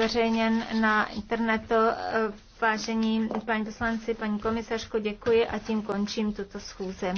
zveřejněn na internetu. Vážení paní poslanci, paní komisařko, děkuji a tím končím tuto schůzi.